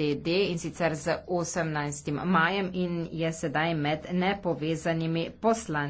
TD in sicer z 18. majem in je sedaj med nepovezanimi poslanci.